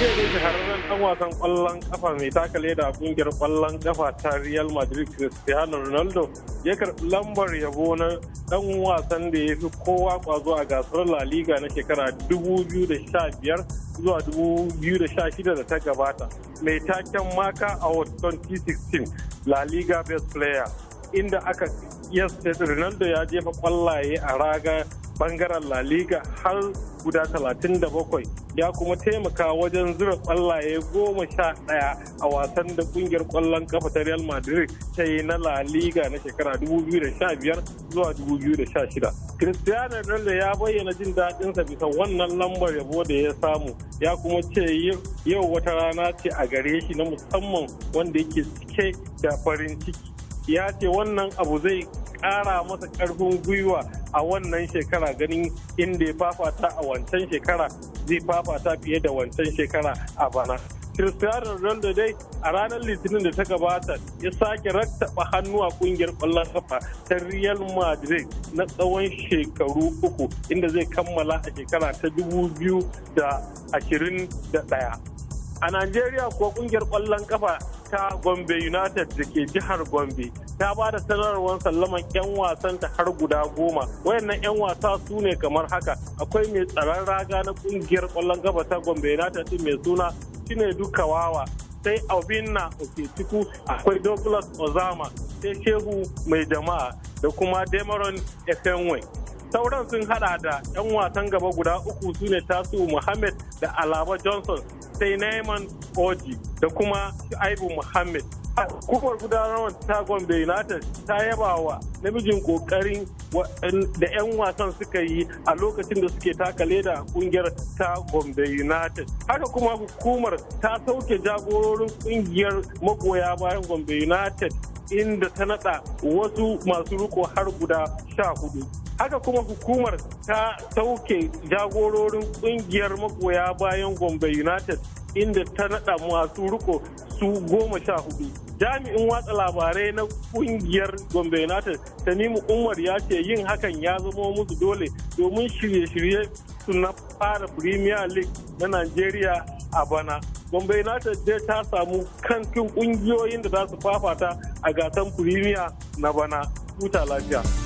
jiya ne shahararren dan wasan kwallon kafa mai taka leda a kungiyar kwallon kafa ta Real Madrid Cristiano Ronaldo ya karbi lambar yabo na dan wasan da ya fi kowa kwazo a gasar La Liga na shekara 2015 zuwa 2016 da ta gabata mai taken maka a 2016 La Liga Best Player inda aka yes Ronaldo ya jefa kwallaye a raga bangaren La Liga har guda 37 ya kuma taimaka wajen zura kwallaye goma sha ɗaya a wasan da kungiyar kwallon kafa ta Real Madrid ta yi na La Liga na shekara 2015 zuwa 2016. Cristiano Ronaldo ya bayyana jin daɗinsa bisa wannan lambar yabo da ya samu ya kuma ce yau wata rana ce a gare shi na musamman wanda yake cike da farin ciki. Ya ce wannan abu zai yara masa karfin gwiwa a wannan shekara ganin inda ya fafata a wancan shekara zai fafata fiye da wancan shekara a bana. Cristiano Ronaldo dai a ranar Litinin da ta gabata ya sake rattaba hannu a kungiyar ƙwallon kafa ta Real Madrid na tsawon shekaru uku inda zai kammala a shekara ta dubu biyu da ashirin da ɗaya. A Najeriya kuwa kungiyar ƙwallon kafa ta Gombe United da ke jihar Gombe ta ba da sanarwar sallaman 'yan wasanta har guda goma wayannan 'yan wasa su ne kamar haka akwai mai tsaron raga na kungiyar kwallon gaba ta gombe united mai suna shine duka wawa sai obinna okechukwu akwai douglas ozama sai shehu mai jama'a da kuma demaron efenwe sauran sun hada da 'yan wasan gaba guda uku su ne tasu muhammad da alaba johnson sai naiman oji da kuma shu'aibu muhammad hukumar gudanarwar ta gombe united ta yaba wa namijin kokarin da 'yan wasan suka yi a lokacin da suke taka leda kungiyar ta gombe united haka kuma hukumar ta sauke jagororin kungiyar magoya bayan gombe united inda ta nada wasu masu riko har guda sha hudu haka kuma hukumar ta sauke jagororin kungiyar magoya bayan gombe united inda ta nada masu riko su goma sha hudu jami'in watsa labarai na kungiyar gombe united nemi umar ya ce yin hakan ya zama musu dole domin shirye-shirye su na fara premier league na nigeria a bana gombe united dai ta samu kankin kungiyoyin da za su fafata a gasan premier na bana huta lafiya